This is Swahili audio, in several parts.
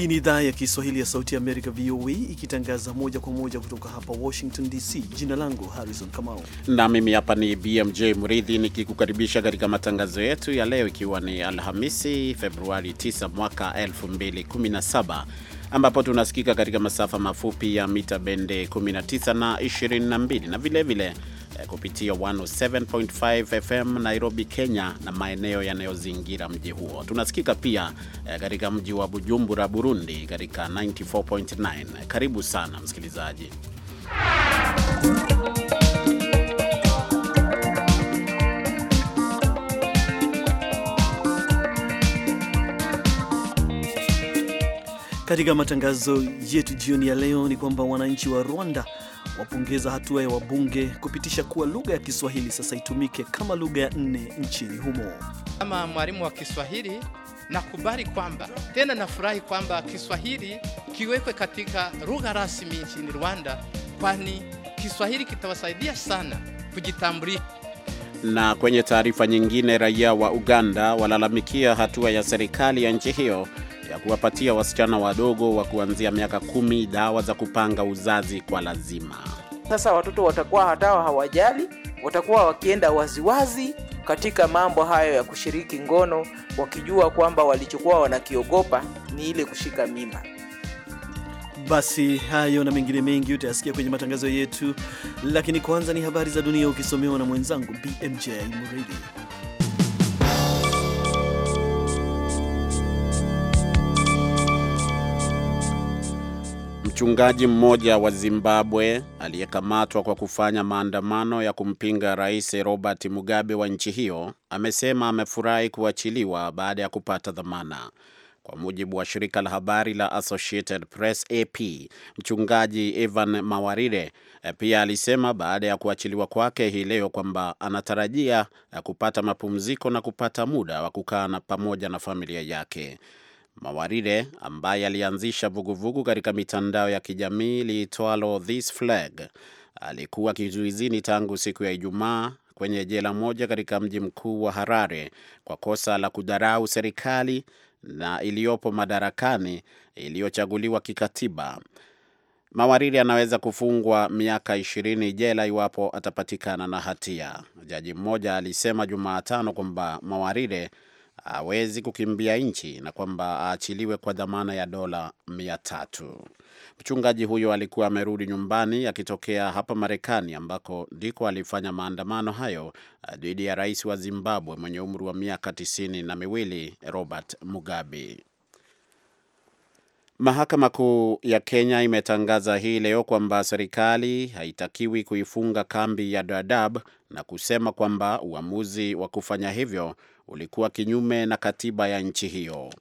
Hii ni idhaa ya Kiswahili ya Sauti ya Amerika, VOA, ikitangaza moja kwa moja kutoka hapa Washington DC. Jina langu Harrison Kamau na mimi hapa ni BMJ Mridhi nikikukaribisha katika matangazo yetu ya leo, ikiwa ni Alhamisi Februari 9 mwaka 2017 ambapo tunasikika katika masafa mafupi ya mita bende 19 na 22 na vilevile vile Eh, kupitia 107.5 FM Nairobi, Kenya na maeneo yanayozingira mji huo. Tunasikika pia eh, katika mji wa Bujumbura, Burundi katika 94.9. Karibu sana msikilizaji. Katika matangazo yetu jioni ya leo ni kwamba wananchi wa Rwanda wapongeza hatua ya wabunge kupitisha kuwa lugha ya Kiswahili sasa itumike kama lugha ya nne nchini humo. Kama mwalimu wa Kiswahili nakubali kwamba tena nafurahi kwamba Kiswahili kiwekwe katika lugha rasmi nchini Rwanda, kwani Kiswahili kitawasaidia sana kujitambulisha. Na kwenye taarifa nyingine, raia wa Uganda walalamikia hatua ya serikali ya nchi hiyo ya kuwapatia wasichana wadogo wa kuanzia miaka kumi dawa za kupanga uzazi kwa lazima. Sasa watoto watakuwa hata hawajali, watakuwa wakienda waziwazi katika mambo hayo ya kushiriki ngono, wakijua kwamba walichokuwa wanakiogopa ni ile kushika mimba. Basi hayo na mengine mengi utayasikia kwenye matangazo yetu, lakini kwanza ni habari za dunia ukisomewa na mwenzangu BMJ Muridi. Mchungaji mmoja wa Zimbabwe aliyekamatwa kwa kufanya maandamano ya kumpinga Rais Robert Mugabe wa nchi hiyo amesema amefurahi kuachiliwa baada ya kupata dhamana. Kwa mujibu wa shirika la habari la Associated Press AP, mchungaji Evan Mawarire eh, pia alisema baada ya kuachiliwa kwake hii leo kwamba anatarajia eh, kupata mapumziko na kupata muda wa kukaa pamoja na familia yake. Mawarire ambaye alianzisha vuguvugu katika mitandao ya kijamii liitwalo This Flag alikuwa kizuizini tangu siku ya Ijumaa kwenye jela moja katika mji mkuu wa Harare kwa kosa la kudharau serikali na iliyopo madarakani iliyochaguliwa kikatiba. Mawariri anaweza kufungwa miaka ishirini jela iwapo atapatikana na hatia. Jaji mmoja alisema Jumatano kwamba Mawarire hawezi kukimbia nchi na kwamba aachiliwe kwa dhamana ya dola mia tatu. Mchungaji huyo alikuwa amerudi nyumbani akitokea hapa Marekani, ambako ndiko alifanya maandamano hayo uh, dhidi ya rais wa Zimbabwe mwenye umri wa miaka tisini na miwili Robert Mugabe. Mahakama Kuu ya Kenya imetangaza hii leo kwamba serikali haitakiwi kuifunga kambi ya Dadaab na kusema kwamba uamuzi wa kufanya hivyo ulikuwa kinyume na katiba ya nchi hiyo.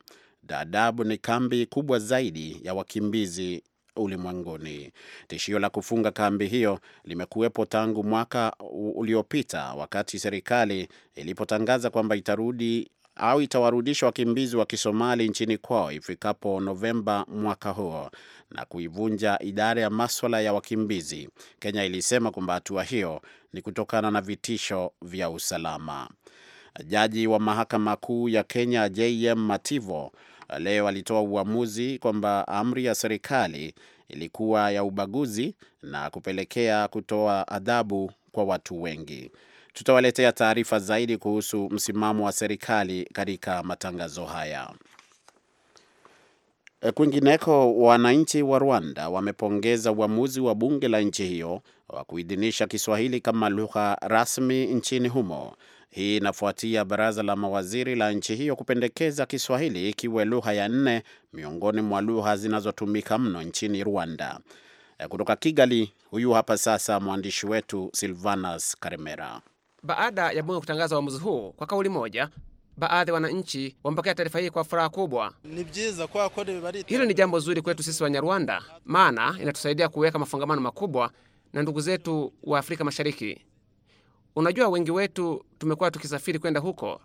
Dadaab ni kambi kubwa zaidi ya wakimbizi ulimwenguni. Tishio la kufunga kambi hiyo limekuwepo tangu mwaka uliopita wakati serikali ilipotangaza kwamba itarudi au itawarudisha wakimbizi wa Kisomali nchini kwao ifikapo Novemba mwaka huo na kuivunja idara ya maswala ya wakimbizi. Kenya ilisema kwamba hatua hiyo ni kutokana na vitisho vya usalama. Jaji wa mahakama kuu ya Kenya JM Mativo leo alitoa uamuzi kwamba amri ya serikali ilikuwa ya ubaguzi na kupelekea kutoa adhabu kwa watu wengi. Tutawaletea taarifa zaidi kuhusu msimamo wa serikali katika matangazo haya. Kwingineko, wananchi wa Rwanda wamepongeza uamuzi wa bunge la nchi hiyo wa kuidhinisha Kiswahili kama lugha rasmi nchini humo. Hii inafuatia baraza la mawaziri la nchi hiyo kupendekeza Kiswahili ikiwe lugha ya nne miongoni mwa lugha zinazotumika mno nchini Rwanda. Eh, kutoka Kigali, huyu hapa sasa mwandishi wetu Silvanas Karemera. Baada ya bunge kutangaza uamuzi huu kwa kauli moja, baadhi ya wananchi wamepokea taarifa hii kwa furaha kubwa. Hilo ni jambo zuri kwetu sisi Wanyarwanda, maana inatusaidia kuweka mafungamano makubwa na ndugu zetu wa Afrika Mashariki. Unajua, wengi wetu tumekuwa tukisafiri kwenda huko,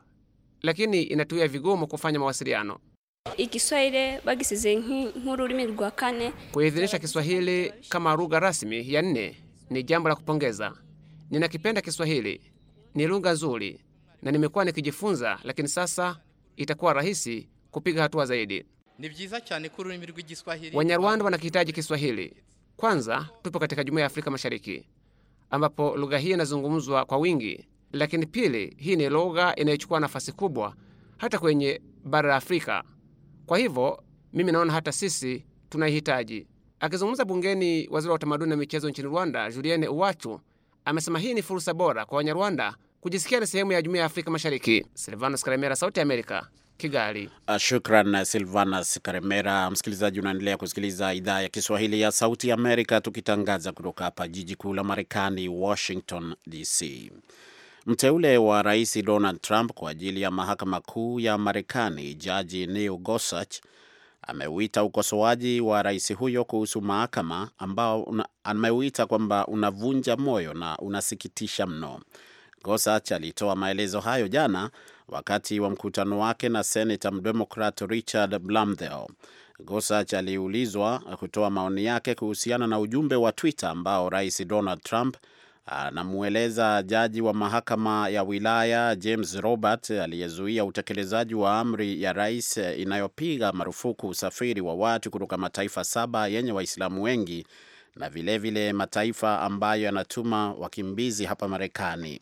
lakini inatuia vigumu kufanya mawasiliano. Kuidhinisha Kiswahili kama lugha rasmi ya nne ni jambo la kupongeza. Ninakipenda Kiswahili, ni lugha nzuri na nimekuwa nikijifunza, lakini sasa itakuwa rahisi kupiga hatua zaidi. Wanyarwanda wanakihitaji Kiswahili. Kwanza tupo katika jumuiya ya Afrika Mashariki, ambapo lugha hii inazungumzwa kwa wingi. Lakini pili, hii ni lugha inayochukua nafasi kubwa hata kwenye bara la Afrika. Kwa hivyo mimi naona hata sisi tunaihitaji. Akizungumza bungeni, waziri wa utamaduni na michezo nchini Rwanda, juliene Uwacu amesema hii ni fursa bora kwa Wanyarwanda kujisikia ni sehemu ya jumuiya ya Afrika Mashariki. Silvanos Karemera, Sauti ya Amerika, Kigali. Ah, shukran Silvanas Karemera. Msikilizaji, unaendelea kusikiliza idhaa ya Kiswahili ya Sauti Amerika, tukitangaza kutoka hapa jiji kuu la Marekani, Washington DC. Mteule wa Rais Donald Trump kwa ajili ya mahakama kuu ya Marekani, Jaji Neil Gorsuch ameuita ukosoaji wa rais huyo kuhusu mahakama ambao ameuita kwamba unavunja moyo na unasikitisha mno. Gorsuch alitoa maelezo hayo jana wakati wa mkutano wake na senata mdemokrat Richard Blumenthal. Gorsuch aliulizwa kutoa maoni yake kuhusiana na ujumbe wa Twitter ambao rais Donald Trump anamweleza jaji wa mahakama ya wilaya James Robert aliyezuia utekelezaji wa amri ya rais inayopiga marufuku usafiri wa watu kutoka mataifa saba yenye Waislamu wengi na vilevile vile mataifa ambayo yanatuma wakimbizi hapa Marekani.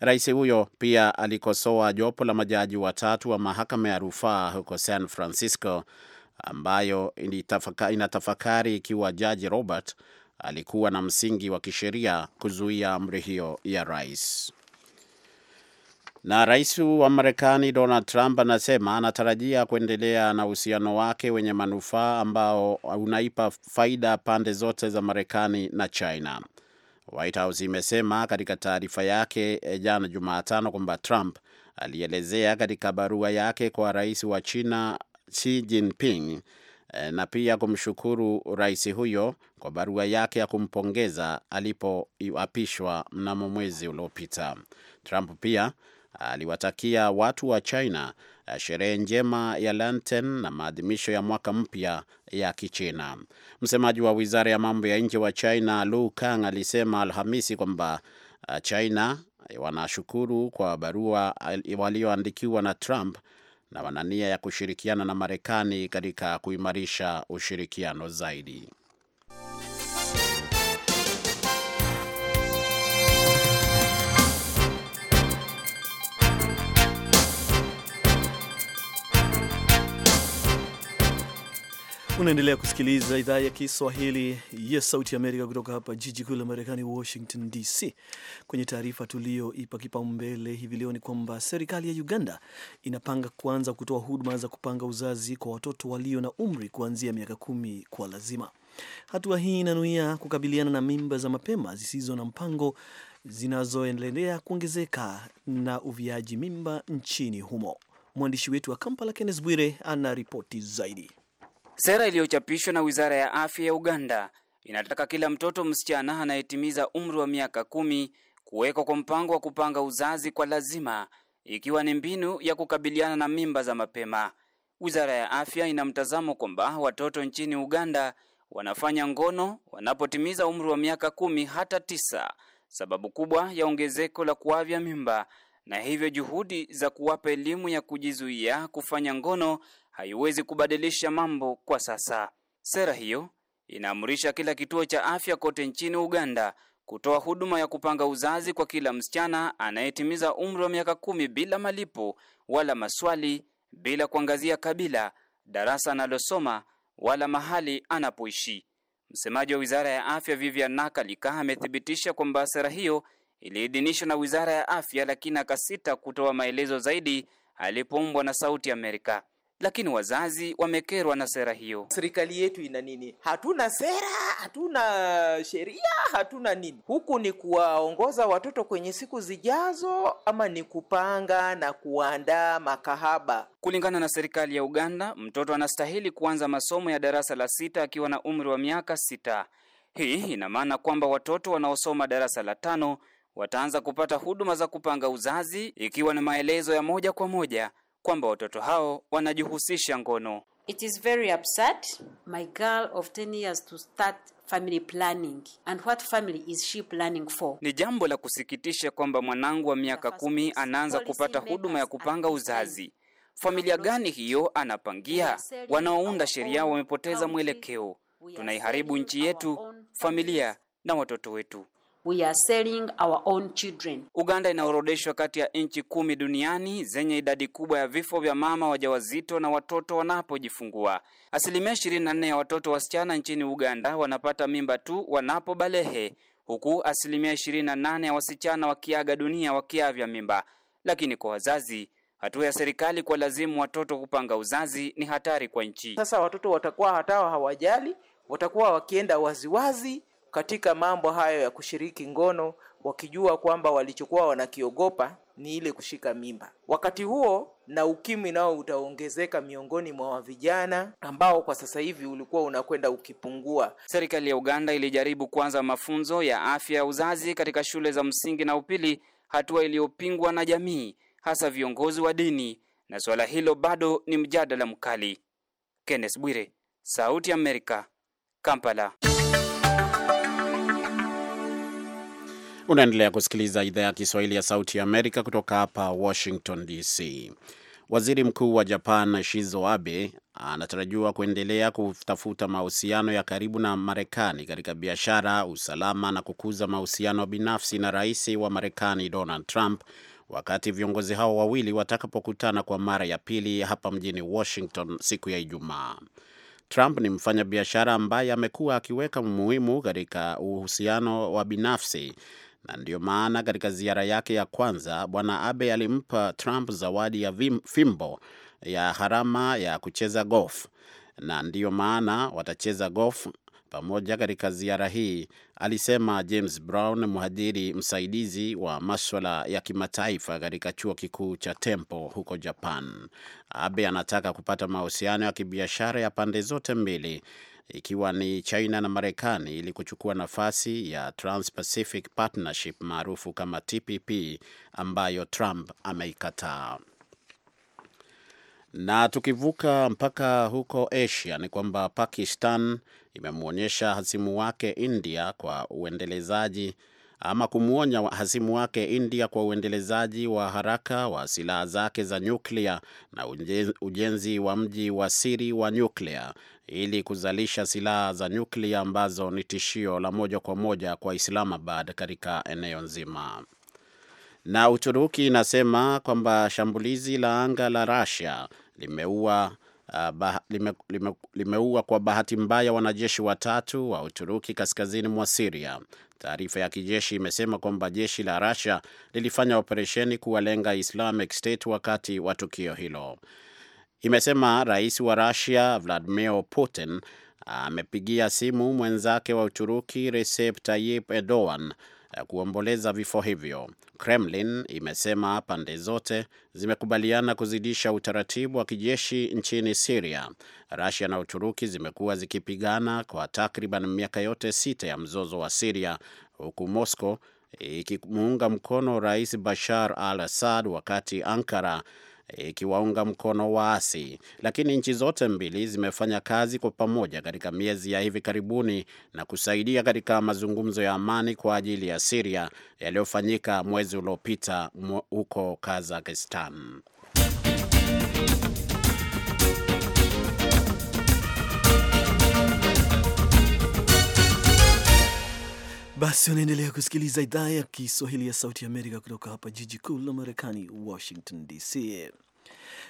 Rais huyo pia alikosoa jopo la majaji watatu wa mahakama ya rufaa huko San Francisco ambayo inatafakari ikiwa jaji Robert alikuwa na msingi wa kisheria kuzuia amri hiyo ya rais. Na rais wa Marekani Donald Trump anasema anatarajia kuendelea na uhusiano wake wenye manufaa ambao unaipa faida pande zote za Marekani na China. White House imesema katika taarifa yake e, jana Jumatano kwamba Trump alielezea katika barua yake kwa rais wa China Xi Jinping e, na pia kumshukuru rais huyo kwa barua yake ya kumpongeza alipoapishwa mnamo mwezi uliopita. Trump pia aliwatakia watu wa China sherehe njema ya Lantern na maadhimisho ya mwaka mpya ya Kichina. Msemaji wa wizara ya mambo ya nje wa China Lu Kang alisema Alhamisi kwamba uh, China eh, wanashukuru kwa barua eh, walioandikiwa na Trump na wana nia ya kushirikiana na Marekani katika kuimarisha ushirikiano zaidi. Unaendelea kusikiliza idhaa ya Kiswahili ya Sauti ya Amerika kutoka hapa jiji kuu la Marekani, Washington DC. Kwenye taarifa tuliyoipa kipaumbele hivi leo ni kwamba serikali ya Uganda inapanga kuanza kutoa huduma za kupanga uzazi kwa watoto walio na umri kuanzia miaka kumi kwa lazima. Hatua hii inanuia kukabiliana na mimba za mapema zisizo na mpango zinazoendelea kuongezeka na uviaji mimba nchini humo. Mwandishi wetu wa Kampala, Kennes Bwire, ana ripoti zaidi. Sera iliyochapishwa na Wizara ya Afya ya Uganda inataka kila mtoto msichana anayetimiza umri wa miaka kumi kuwekwa kwa mpango wa kupanga uzazi kwa lazima ikiwa ni mbinu ya kukabiliana na mimba za mapema. Wizara ya Afya ina mtazamo kwamba watoto nchini Uganda wanafanya ngono wanapotimiza umri wa miaka kumi hata tisa, sababu kubwa ya ongezeko la kuavya mimba, na hivyo juhudi za kuwapa elimu ya kujizuia kufanya ngono haiwezi kubadilisha mambo kwa sasa. Sera hiyo inaamrisha kila kituo cha afya kote nchini Uganda kutoa huduma ya kupanga uzazi kwa kila msichana anayetimiza umri wa miaka kumi bila malipo wala maswali, bila kuangazia kabila, darasa analosoma wala mahali anapoishi. Msemaji wa Wizara ya Afya Vivian Nakalika amethibitisha kwamba sera hiyo iliidhinishwa na Wizara ya Afya, lakini akasita kutoa maelezo zaidi alipoombwa na Sauti Amerika lakini wazazi wamekerwa na sera hiyo. Serikali yetu ina nini? Hatuna sera, hatuna sheria, hatuna nini. Huku ni kuwaongoza watoto kwenye siku zijazo, ama ni kupanga na kuandaa makahaba. Kulingana na serikali ya Uganda, mtoto anastahili kuanza masomo ya darasa la sita akiwa na umri wa miaka sita. Hii ina maana kwamba watoto wanaosoma darasa la tano wataanza kupata huduma za kupanga uzazi ikiwa na maelezo ya moja kwa moja kwamba watoto hao wanajihusisha ngono. It is very my girl of 10 years to start family planning and what family is she planning for. Ni jambo la kusikitisha kwamba mwanangu wa miaka kumi anaanza kupata huduma ya kupanga uzazi. Familia gani hiyo anapangia? Wanaounda sheria wamepoteza mwelekeo. Tunaiharibu nchi yetu, familia na watoto wetu we are selling our own children. Uganda inaorodeshwa kati ya nchi kumi duniani zenye idadi kubwa ya vifo vya mama wajawazito na watoto wanapojifungua. Asilimia 24 ya watoto wasichana nchini Uganda wanapata mimba tu wanapobalehe, huku asilimia 28 ya wasichana wakiaga dunia wakiavya mimba. Lakini kwa wazazi hatua ya serikali kwa lazimu watoto kupanga uzazi ni hatari kwa nchi. Sasa watoto watakuwa hata hawajali, watakuwa wakienda waziwazi wazi, katika mambo hayo ya kushiriki ngono, wakijua kwamba walichokuwa wanakiogopa ni ile kushika mimba. Wakati huo na ukimwi nao utaongezeka miongoni mwa vijana ambao kwa sasa hivi ulikuwa unakwenda ukipungua. Serikali ya Uganda ilijaribu kuanza mafunzo ya afya ya uzazi katika shule za msingi na upili, hatua iliyopingwa na jamii, hasa viongozi wa dini, na suala hilo bado ni mjadala mkali. Kenneth Bwire, Sauti Amerika, Kampala. Unaendelea kusikiliza idhaa ya Kiswahili ya Sauti ya Amerika kutoka hapa Washington DC. Waziri Mkuu wa Japan Shizo Abe anatarajiwa kuendelea kutafuta mahusiano ya karibu na Marekani katika biashara, usalama na kukuza mahusiano binafsi na rais wa Marekani Donald Trump wakati viongozi hao wawili watakapokutana kwa mara ya pili hapa mjini Washington siku ya Ijumaa. Trump ni mfanyabiashara ambaye amekuwa akiweka umuhimu katika uhusiano wa binafsi na ndiyo maana katika ziara yake ya kwanza Bwana Abe alimpa Trump zawadi ya fimbo ya harama ya kucheza golf, na ndiyo maana watacheza golf pamoja katika ziara hii, alisema James Brown, mhadhiri msaidizi wa maswala ya kimataifa katika chuo kikuu cha Temple huko Japan. Abe anataka kupata mahusiano ya kibiashara ya pande zote mbili ikiwa ni China na Marekani ili kuchukua nafasi ya Trans-Pacific Partnership maarufu kama TPP ambayo Trump ameikataa. Na tukivuka mpaka huko Asia ni kwamba Pakistan imemwonyesha hasimu wake India kwa uendelezaji ama kumwonya hasimu wake India kwa uendelezaji wa haraka wa silaha zake za nyuklia na ujenzi wa mji wa siri wa nyuklia ili kuzalisha silaha za nyuklia ambazo ni tishio la moja kwa moja kwa Islamabad katika eneo nzima. Na Uturuki inasema kwamba shambulizi la anga la Russia limeua Uh, bah, lime, lime, limeua kwa bahati mbaya wanajeshi watatu wa Uturuki kaskazini mwa Siria. Taarifa ya kijeshi imesema kwamba jeshi la Russia lilifanya operesheni kuwalenga Islamic State wakati wa tukio hilo imesema rais wa rasia Vladimir Putin amepigia simu mwenzake wa Uturuki Recep Tayyip Erdogan kuomboleza vifo hivyo. Kremlin imesema pande zote zimekubaliana kuzidisha utaratibu wa kijeshi nchini Siria. Rasia na Uturuki zimekuwa zikipigana kwa takriban miaka yote sita ya mzozo wa Siria, huku Moscow ikimuunga mkono Rais Bashar al Assad, wakati Ankara ikiwaunga mkono waasi, lakini nchi zote mbili zimefanya kazi kwa pamoja katika miezi ya hivi karibuni na kusaidia katika mazungumzo ya amani kwa ajili ya Siria yaliyofanyika mwezi uliopita huko Kazakistan. Basi unaendelea kusikiliza idhaa ya Kiswahili ya Sauti ya Amerika kutoka hapa jiji kuu la Marekani, Washington DC.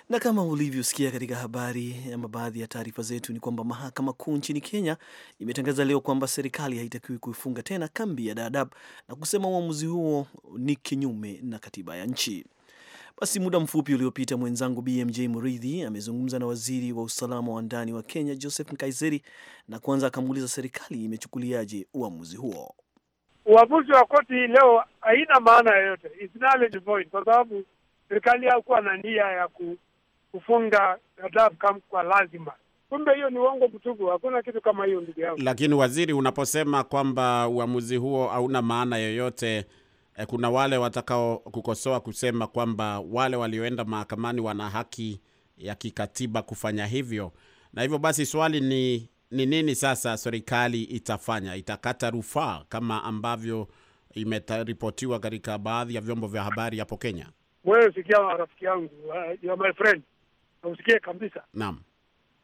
Na kama ulivyosikia katika habari ama baadhi ya taarifa zetu, ni kwamba mahakama kuu nchini Kenya imetangaza leo kwamba serikali haitakiwi kuifunga tena kambi ya Dadaab na kusema uamuzi huo ni kinyume na katiba ya nchi. Basi muda mfupi uliopita mwenzangu BMJ Muridhi amezungumza na waziri wa usalama wa ndani wa Kenya Joseph Nkaiseri, na kwanza akamuuliza serikali imechukuliaje uamuzi huo uamuzi wa koti hii leo haina maana yoyote, kwa sababu serikali hakuwa na nia ya kufunga Dadaab Camp kwa lazima. Kumbe hiyo ni uongo mtupu, hakuna kitu kama hiyo ndugu yangu. Lakini waziri, unaposema kwamba uamuzi huo hauna maana yoyote eh, kuna wale watakao kukosoa kusema kwamba wale walioenda mahakamani wana haki ya kikatiba kufanya hivyo, na hivyo basi swali ni ni nini sasa serikali itafanya? Itakata rufaa kama ambavyo imeripotiwa katika baadhi ya vyombo vya habari hapo Kenya? Wewe sikia, rafiki yangu, uh, my friend, usikie kabisa. Naam,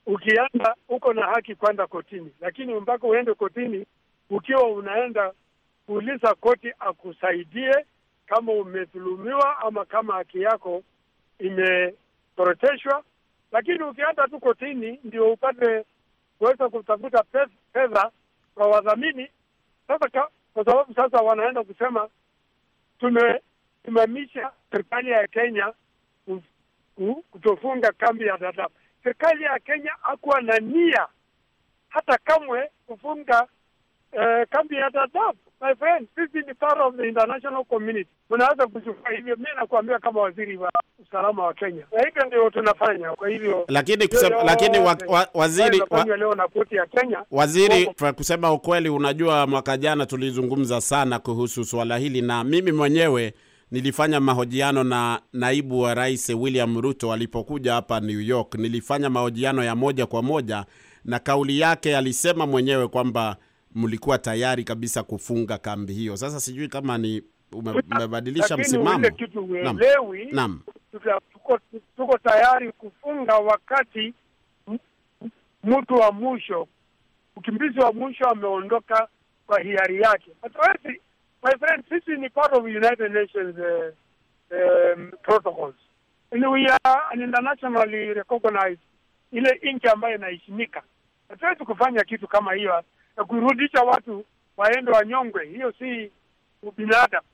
ukienda uko na haki kwenda kotini, lakini mpaka uende kotini, ukiwa unaenda kuuliza koti akusaidie kama umedhulumiwa ama kama haki yako imetoroteshwa Lakini ukienda tu kotini ndio upate kuweza kutafuta fedha kwa wadhamini. Sasa kwa sababu sasa wanaenda kusema tumesimamisha serikali ya Kenya kutofunga kambi ya Dadaab. Serikali ya Kenya hakuwa na nia hata kamwe kufunga eh, kambi ya Dadaab. My friend, sisi ni part of the international community, mnaweza kuchukua hivyo. Mimi nakuambia kama waziri wa usalama wa Kenya, na hivyo ndio tunafanya. Kwa hivyo lakini kusema, lakini wa, wa, waziri wa, leo na koti ya Kenya waziri kwa kusema ukweli, unajua mwaka jana tulizungumza sana kuhusu swala hili, na mimi mwenyewe nilifanya mahojiano na naibu wa rais William Ruto alipokuja hapa New York. Nilifanya mahojiano ya moja kwa moja, na kauli yake alisema mwenyewe kwamba mlikuwa tayari kabisa kufunga kambi hiyo. Sasa sijui kama ni umebadilisha msimamo. Kitu Naam, tuko, tuko tayari kufunga wakati mtu wa mwisho, mkimbizi wa mwisho ameondoka kwa hiari yake. Hatuwezi my friend, sisi ni part of United Nations uh, um, protocols and we are an internationally recognized ile nchi ambayo inaheshimika. Hatuwezi kufanya kitu kama hiyo na kurudisha watu waende wanyongwe, hiyo si ubinadamu.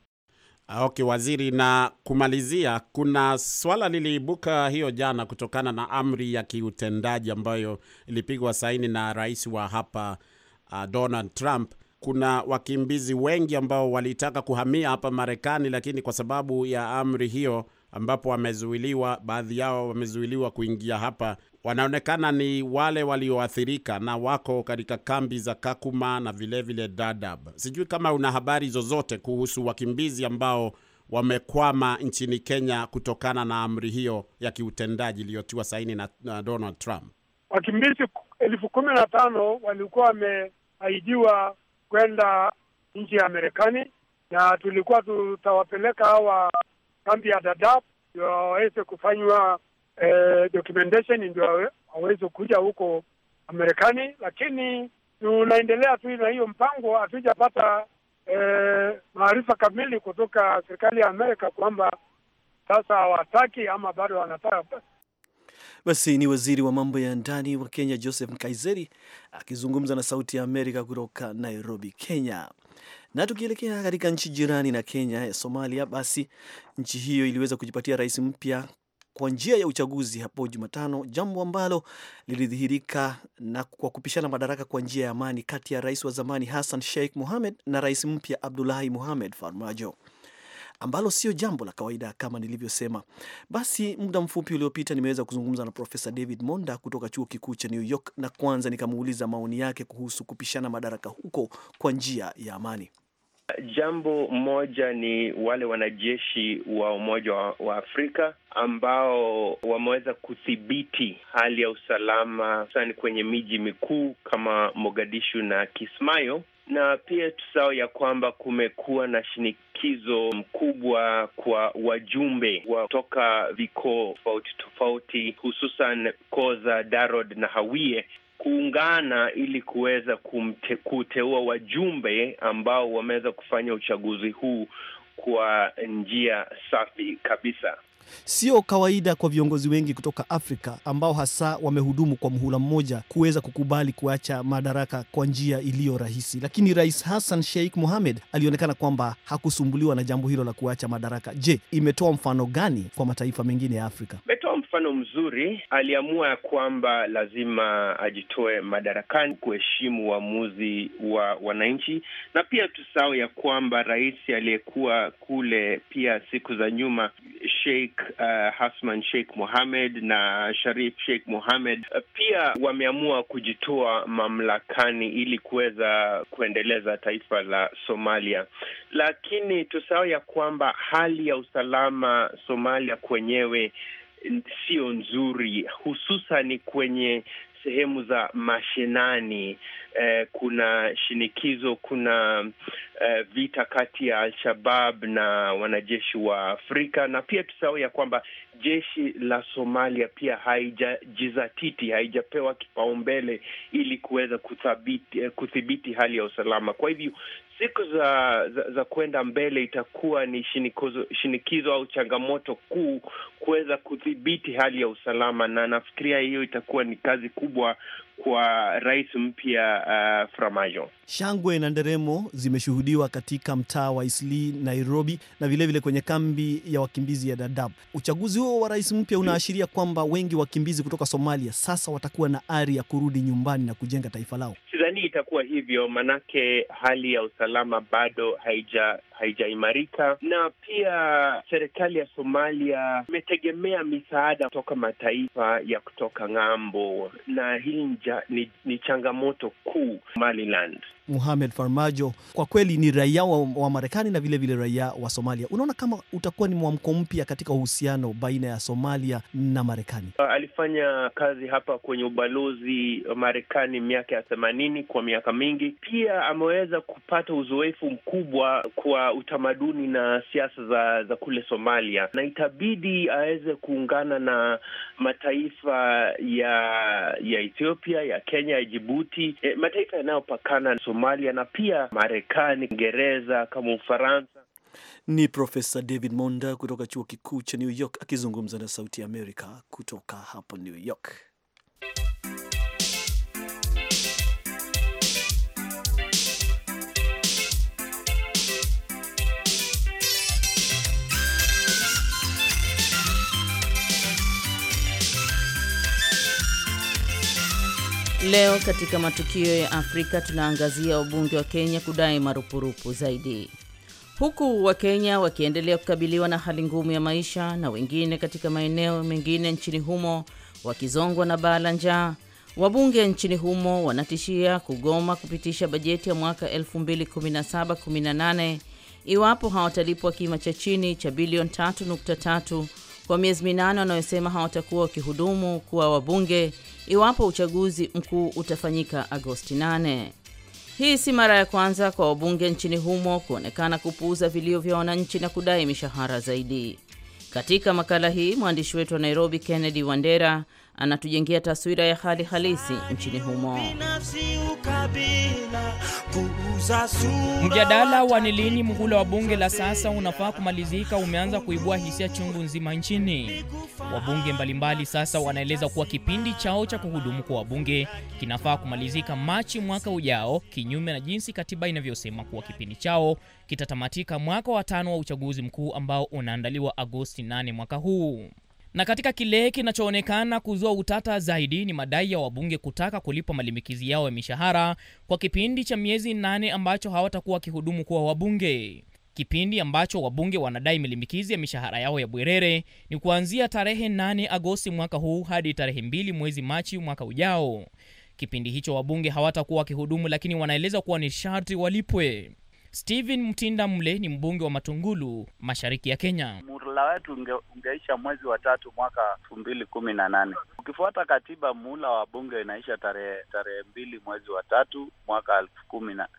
Ah, okay, waziri, na kumalizia, kuna swala liliibuka hiyo jana kutokana na amri ya kiutendaji ambayo ilipigwa saini na rais wa hapa uh, Donald Trump. Kuna wakimbizi wengi ambao walitaka kuhamia hapa Marekani, lakini kwa sababu ya amri hiyo ambapo wamezuiliwa, baadhi yao wamezuiliwa kuingia hapa wanaonekana ni wale walioathirika na wako katika kambi za Kakuma na vilevile vile Dadab. Sijui kama una habari zozote kuhusu wakimbizi ambao wamekwama nchini Kenya kutokana na amri hiyo ya kiutendaji iliyotiwa saini na, na Donald Trump. Wakimbizi elfu kumi na tano walikuwa wameahidiwa kwenda nchi ya Marekani na tulikuwa tutawapeleka hawa kambi ya Dadab waweze kufanywa eh, documentation ndio hawezi kuja huko Marekani, lakini tunaendelea tu na hiyo mpango. Hatujapata eh, maarifa kamili kutoka serikali ya Amerika kwamba sasa hawataki ama bado wanataka. Basi ni waziri wa mambo ya ndani wa Kenya Joseph Nkaiseri akizungumza na Sauti ya Amerika kutoka Nairobi, Kenya. Na tukielekea katika nchi jirani na Kenya ya Somalia, basi nchi hiyo iliweza kujipatia rais mpya kwa njia ya uchaguzi hapo Jumatano, jambo ambalo lilidhihirika na kwa kupishana madaraka kwa njia ya amani kati ya rais wa zamani Hassan Sheikh Mohamed na rais mpya Abdullahi Mohamed Farmajo ambalo sio jambo la kawaida kama nilivyosema. Basi muda mfupi uliopita nimeweza kuzungumza na Profesa David Monda kutoka chuo kikuu cha New York, na kwanza nikamuuliza maoni yake kuhusu kupishana madaraka huko kwa njia ya amani. Jambo moja ni wale wanajeshi wa Umoja wa Afrika ambao wameweza kudhibiti hali ya usalama hususani kwenye miji mikuu kama Mogadishu na Kismayo na pia tusao ya kwamba kumekuwa na shinikizo mkubwa kwa wajumbe wa kutoka vikoo tofauti tofauti, hususan koo za Darod na Hawie kuungana ili kuweza kumte, kuteua wajumbe ambao wameweza kufanya uchaguzi huu kwa njia safi kabisa. Sio kawaida kwa viongozi wengi kutoka Afrika ambao hasa wamehudumu kwa mhula mmoja kuweza kukubali kuacha madaraka kwa njia iliyo rahisi, lakini Rais Hassan Sheikh Mohamed alionekana kwamba hakusumbuliwa na jambo hilo la kuacha madaraka. Je, imetoa mfano gani kwa mataifa mengine ya Afrika? Beto mfano mzuri, aliamua ya kwamba lazima ajitoe madarakani, kuheshimu uamuzi wa, wa wananchi, na pia tusahau ya kwamba rais aliyekuwa kule pia siku za nyuma Sheikh uh, Hasman Sheikh Mohamed na Sharif Sheikh Mohamed uh, pia wameamua kujitoa mamlakani ili kuweza kuendeleza taifa la Somalia, lakini tusahau ya kwamba hali ya usalama Somalia kwenyewe sio nzuri, hususan kwenye sehemu za mashinani. Eh, kuna shinikizo, kuna eh, vita kati ya Al-Shabab na wanajeshi wa Afrika, na pia tusahau ya kwamba jeshi la Somalia pia haijajizatiti, haijapewa kipaumbele ili kuweza kudhibiti eh, hali ya usalama. Kwa hivyo siku za, za, za kwenda mbele itakuwa ni shinikizo, shinikizo au changamoto kuu kuweza kudhibiti hali ya usalama, na nafikiria hiyo itakuwa ni kazi kubwa kwa rais mpya uh, Framajo. Shangwe na nderemo zimeshuhudiwa katika mtaa wa Isli, Nairobi, na vilevile vile kwenye kambi ya wakimbizi ya Dadaab. Uchaguzi huo wa rais mpya unaashiria kwamba wengi wakimbizi kutoka Somalia sasa watakuwa na ari ya kurudi nyumbani na kujenga taifa lao. Sidhani itakuwa hivyo, manake hali ya usalama bado haija haijaimarika, na pia serikali ya Somalia imetegemea misaada kutoka mataifa ya kutoka ng'ambo, na hili ni, ni changamoto kuu Somaliland. Muhamed Farmajo, kwa kweli ni raia wa, wa Marekani na vilevile raia wa Somalia. Unaona kama utakuwa ni mwamko mpya katika uhusiano baina ya Somalia na Marekani? Uh, alifanya kazi hapa kwenye ubalozi wa Marekani miaka ya themanini kwa miaka mingi. Pia ameweza kupata uzoefu mkubwa kwa utamaduni na siasa za, za kule Somalia, na itabidi aweze kuungana na mataifa ya ya Ethiopia, ya Kenya, ya Jibuti, e, mataifa yanayopakana na Somalia na pia Marekani, ingereza kama Ufaransa. Ni Profesa David Monda kutoka chuo kikuu cha New York akizungumza na Sauti ya Amerika kutoka hapo New York. Leo katika matukio ya Afrika tunaangazia wabunge wa Kenya kudai marupurupu zaidi, huku Wakenya wakiendelea kukabiliwa na hali ngumu ya maisha na wengine katika maeneo mengine nchini humo wakizongwa na baa la njaa. Wabunge nchini humo wanatishia kugoma kupitisha bajeti ya mwaka 2017-18 iwapo hawatalipwa kima cha chini cha bilioni 3.3 kwa miezi minane wanayosema hawatakuwa wakihudumu kuwa wabunge iwapo uchaguzi mkuu utafanyika Agosti 8. Hii si mara ya kwanza kwa wabunge nchini humo kuonekana kupuuza vilio vya wananchi na kudai mishahara zaidi. Katika makala hii mwandishi wetu wa Nairobi Kennedy Wandera anatujengea taswira ya hali halisi nchini humo. Mjadala wa ni lini mhula wa bunge la sasa unafaa kumalizika umeanza kuibua hisia chungu nzima nchini. Wabunge mbalimbali sasa wanaeleza kuwa kipindi chao cha kuhudumu kwa wabunge kinafaa kumalizika Machi mwaka ujao, kinyume na jinsi katiba inavyosema kuwa kipindi chao kitatamatika mwaka wa tano wa uchaguzi mkuu ambao unaandaliwa Agosti 8 mwaka huu. Na katika kile kinachoonekana kuzua utata zaidi ni madai ya wabunge kutaka kulipwa malimbikizi yao ya mishahara kwa kipindi cha miezi nane ambacho hawatakuwa wakihudumu kuwa wabunge. Kipindi ambacho wabunge wanadai milimbikizi ya mishahara yao ya bwerere ni kuanzia tarehe 8 Agosti mwaka huu hadi tarehe 2 mwezi Machi mwaka ujao. Kipindi hicho wabunge hawatakuwa wakihudumu, lakini wanaeleza kuwa ni sharti walipwe. Stephen Mtinda Mle ni mbunge wa Matungulu, mashariki ya Kenya. Muhula wetu unge, ungeisha mwezi wa tatu mwaka elfu mbili kumi na nane. Ukifuata katiba, muhula wa bunge inaisha tarehe tarehe mbili mwezi wa tatu mwaka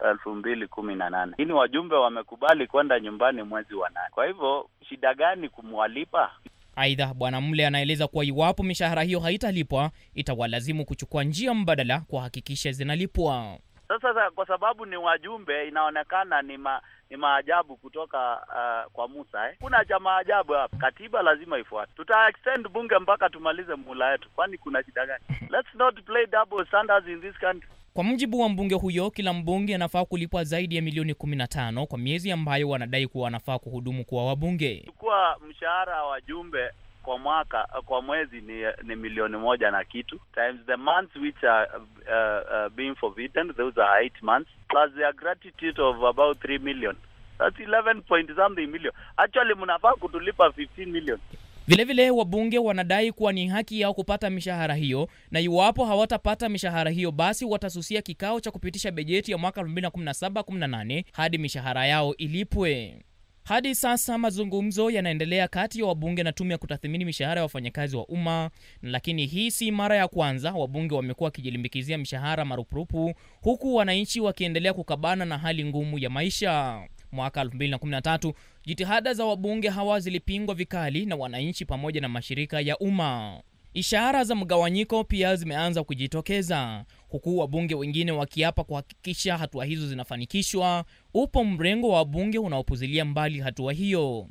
elfu mbili kumi na nane, lakini wajumbe wamekubali kwenda nyumbani mwezi wa nane. Kwa hivyo shida gani kumwalipa? Aidha, bwana Mle anaeleza kuwa iwapo mishahara hiyo haitalipwa itawalazimu kuchukua njia mbadala kuhakikisha zinalipwa. Sasa kwa sababu ni wajumbe, inaonekana ni ma, ni maajabu kutoka uh, kwa Musa eh. Kuna cha maajabu hapa. Katiba lazima ifuate. Tuta extend bunge mpaka tumalize muhula yetu, kwani kuna shida gani? Let's not play double standards in this country. Kwa mjibu wa mbunge huyo, kila mbunge anafaa kulipwa zaidi ya milioni kumi na tano kwa miezi ambayo wanadai kuwa wanafaa kuhudumu kuwa wabunge. Chukua mshahara wa jumbe kwa mwaka kwa mwezi ni, ni milioni moja na kitu times the months which are uh, uh, being forbidden those are eight months plus their gratitude of about three million that's 11 point something million actually mnafaa kutulipa 15 million Vilevile vile wabunge wanadai kuwa ni haki yao kupata mishahara hiyo, na iwapo hawatapata mishahara hiyo, basi watasusia kikao cha kupitisha bejeti ya mwaka 2017-18 hadi mishahara yao ilipwe. Hadi sasa mazungumzo yanaendelea kati ya wabunge na tume ya kutathmini mishahara ya wafanyakazi wa umma, lakini hii si mara ya kwanza wabunge wamekuwa wakijilimbikizia mishahara marupurupu, huku wananchi wakiendelea kukabana na hali ngumu ya maisha. Mwaka 2013 jitihada za wabunge hawa zilipingwa vikali na wananchi pamoja na mashirika ya umma. Ishara za mgawanyiko pia zimeanza kujitokeza, huku wabunge wengine wakiapa kuhakikisha hatua hizo zinafanikishwa. Upo mrengo wa wabunge unaopuzilia mbali hatua hiyo.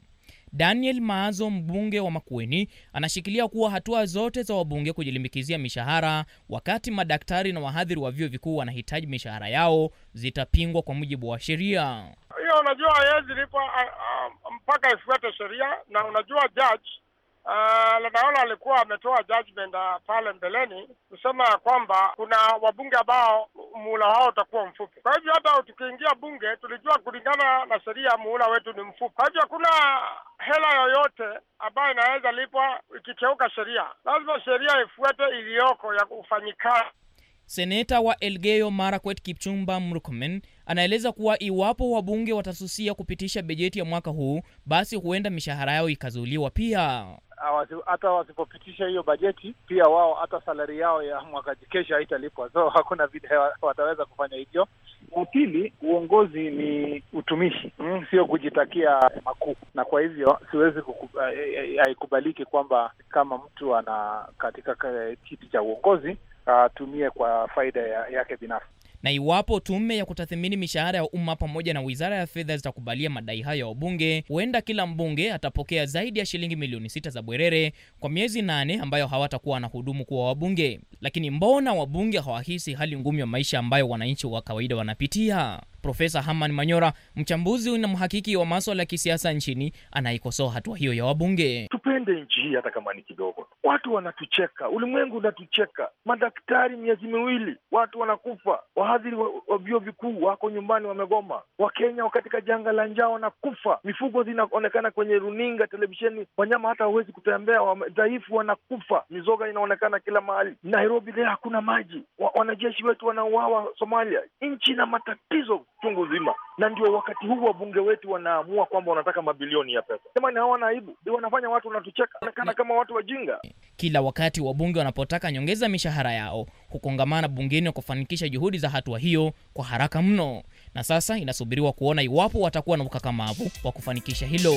Daniel Maazo, mbunge wa Makueni, anashikilia kuwa hatua zote za wabunge kujilimbikizia mishahara wakati madaktari na wahadhiri wa vyuo vikuu wanahitaji mishahara yao zitapingwa kwa mujibu wa sheria hiyo. Unajua haiwezi lipwa mpaka ifuate sheria, na unajua judge Uh, ah, Lenaola alikuwa ametoa judgment uh, pale mbeleni kusema ya kwamba kuna wabunge ambao muhula wao utakuwa mfupi. Kwa hivyo hata tukiingia bunge tulijua kulingana na sheria muhula wetu ni mfupi. Kwa hivyo hakuna hela yoyote ambayo inaweza lipwa ikikeuka sheria, lazima sheria ifuate iliyoko ya ufanyikazi. Seneta wa Elgeyo Marakwet Kipchumba Murkomen anaeleza kuwa iwapo wabunge watasusia kupitisha bajeti ya mwaka huu, basi huenda mishahara yao ikazuliwa pia hata wasipopitisha hiyo bajeti, pia wao hata salari yao ya mwaka kesho haitalipwa, so hakuna vile wataweza kufanya hivyo. na pili, uongozi ni utumishi mm, sio kujitakia makuu, na kwa hivyo siwezi eh, eh, eh, haikubaliki kwamba kama mtu ana katika kiti cha uongozi atumie kwa faida yake binafsi na iwapo tume ya kutathimini mishahara ya umma pamoja na wizara ya fedha zitakubalia madai hayo ya wabunge, huenda kila mbunge atapokea zaidi ya shilingi milioni sita za bwerere kwa miezi nane ambayo hawatakuwa hudumu kuwa wabunge. Lakini mbona wabunge hawahisi hali ngumu ya maisha ambayo wananchi wa kawaida wanapitia? Profesa haman Manyora, mchambuzi na mhakiki wa maswala ya kisiasa nchini, anaikosoa hatua hiyo ya wabunge. Tupende nchi hii hata kama ni kidogo, Watu wanatucheka, ulimwengu unatucheka. Madaktari miezi miwili, watu wanakufa. Wahadhiri wa vyuo vikuu wako nyumbani, wamegoma. Wakenya katika janga la njaa wanakufa. Mifugo zinaonekana kwenye runinga, televisheni, wanyama hata wawezi kutembea, dhaifu, wanakufa. Mizoga inaonekana kila mahali. Nairobi leo hakuna maji, wa, wanajeshi wetu wanauawa Somalia. Nchi na matatizo chungu zima, na ndio wakati huu wabunge wetu wanaamua kwamba wanataka mabilioni ya pesa. Jamani, hawana aibu, wanafanya watu wanatucheka, onekana kama watu wajinga kila wakati wabunge wanapotaka nyongeza mishahara yao hukongamana bungeni kufanikisha juhudi za hatua hiyo kwa haraka mno, na sasa inasubiriwa kuona iwapo watakuwa na ukakamavu wa kufanikisha hilo.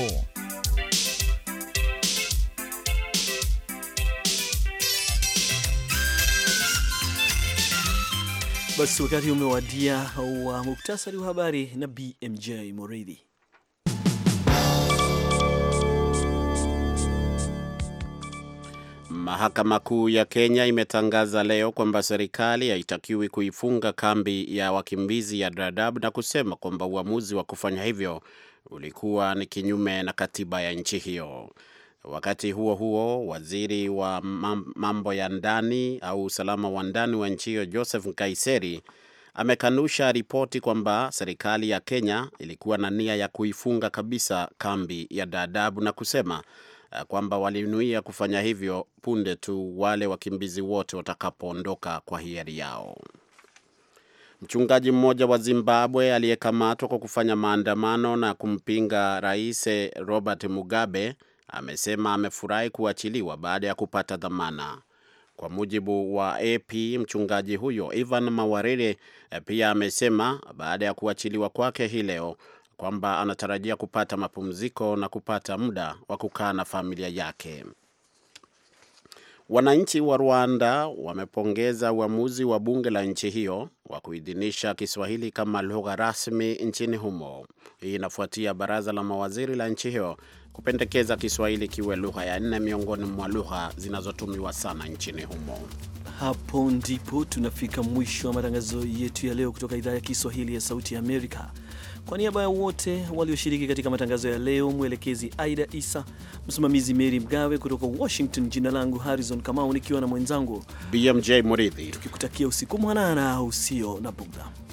Basi wakati umewadia wa muktasari wa habari na BMJ Moridhi. Mahakama Kuu ya Kenya imetangaza leo kwamba serikali haitakiwi kuifunga kambi ya wakimbizi ya Dadaab na kusema kwamba uamuzi wa kufanya hivyo ulikuwa ni kinyume na katiba ya nchi hiyo. Wakati huo huo, waziri wa mambo ya ndani au usalama wa ndani wa nchi hiyo Joseph Nkaiseri amekanusha ripoti kwamba serikali ya Kenya ilikuwa na nia ya kuifunga kabisa kambi ya Dadaab na kusema Eh, kwamba walinuia kufanya hivyo punde tu wale wakimbizi wote watakapoondoka kwa hiari yao. Mchungaji mmoja wa Zimbabwe aliyekamatwa kwa kufanya maandamano na kumpinga Rais Robert Mugabe amesema amefurahi kuachiliwa baada ya kupata dhamana. Kwa mujibu wa AP, mchungaji huyo Ivan Mawarire eh, pia amesema baada ya kuachiliwa kwake hii leo kwamba anatarajia kupata mapumziko na kupata muda wa kukaa na familia yake. Wananchi wa Rwanda wamepongeza uamuzi wa bunge la nchi hiyo wa kuidhinisha Kiswahili kama lugha rasmi nchini humo. Hii inafuatia baraza la mawaziri la nchi hiyo kupendekeza Kiswahili kiwe lugha ya nne miongoni mwa lugha zinazotumiwa sana nchini humo. Hapo ndipo tunafika mwisho wa matangazo yetu ya leo kutoka idhaa ya Kiswahili ya Sauti ya Amerika. Kwa niaba ya wote walioshiriki katika matangazo ya leo, mwelekezi Aida Isa, msimamizi Mary Mgawe kutoka Washington, jina langu Harrison Kamau nikiwa na mwenzangu BMJ Muridhi, tukikutakia usiku mwanana usio na bughudha.